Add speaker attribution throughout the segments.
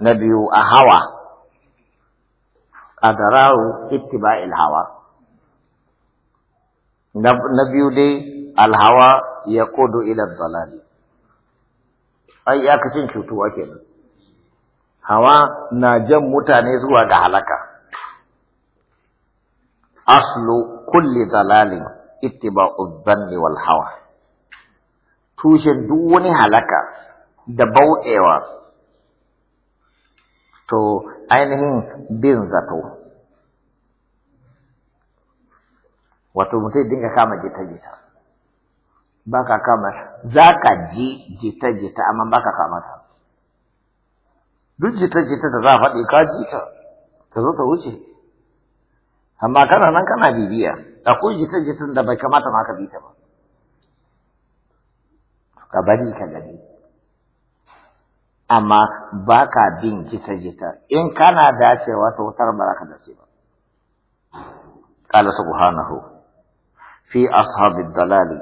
Speaker 1: na biyu a hawa a dararu ittiba'il hawa na biyu dai alhawa ya kodo ilar dalali ai yakacin cutuwa kenan hawa na jan mutane zuwa ga halaka Aslo kulli dalalin ittiba'u dhanni wal hawa tushen duk wani halaka da bauɗewa to ainihin bin zato wato mutum dinga kama jita-jita ba ka kama za ka ji jita-jita amma ba ka kama ta duk jita-jita da za a faɗi ka ji ta ta zo ta wuce amma kana nan kana bibiya akwai jita-jitan da bai kamata ma ka bi ta ba ka bari ka gani amma ba ka bin jita-jita in kana dacewa ta wutar ba za ka dace ba qala subhanahu fi ashabi dalali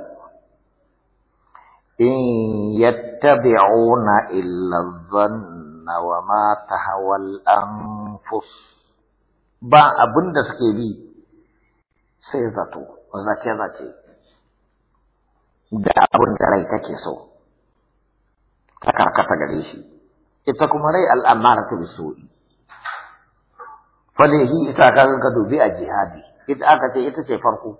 Speaker 1: in yattabi'una illa dhanna wa ma tahawal anfus ba abinda suke bi sai zato zace zace da abin da rai kake so ta karkata gare shi ita kuma rai al'amaratu bisu'i falehi ita ka ka dubi a jihadi ita aka ce ita ce farko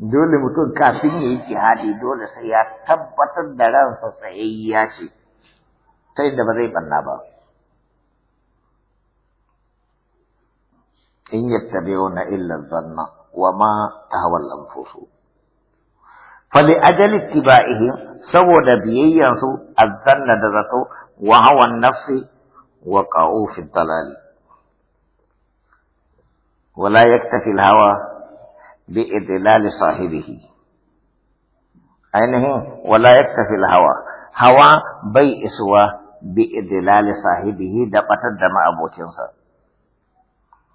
Speaker 1: dole mutum kafin ya yi jihadi dole sai ya tabbatar da ransa tsayayya ce ta yadda ba zai banna ba in yattabi'una illa dhanna wa ma tahawal anfusuhum فلأجل اتباعهم سود بيينسو الذن دزتو وهو النفس وقعوا في الضلال ولا يكتفي الهوى بإدلال صاحبه أينه ولا يكتفي الهوى هوى بي إسوى بإدلال صاحبه دقت الدم أبو تنصر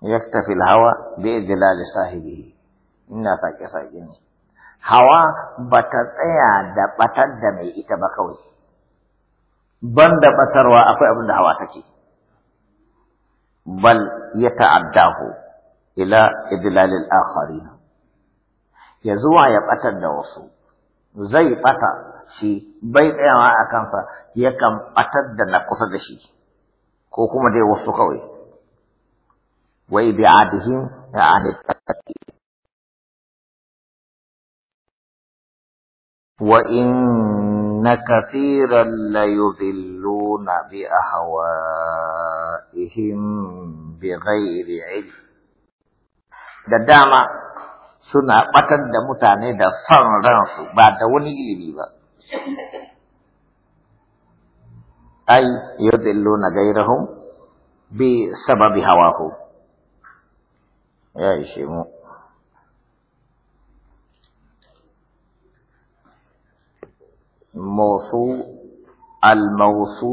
Speaker 1: يكتفي الهوى بإدلال صاحبه إنا ساكي ساكي hawa ba ta tsaya da batar da mai ita ba kawai ban da batarwa akwai abin da hawa take bal ya ta'adda ta'addahu ila idlalil akharin ya zuwa ya batar da wasu zai bata shi bai tsayawa a kansa yakan batar da na kusa da shi ko kuma dai wasu kawai wa biadihi ya ahli وإن كثيرا ليذلون بأهوائهم بغير علم da dama suna batar da mutane da son ransu ba da wani ilimi ba ai yudilluna gairahum bi sababi hawahu ya ishe mu موصو الموصو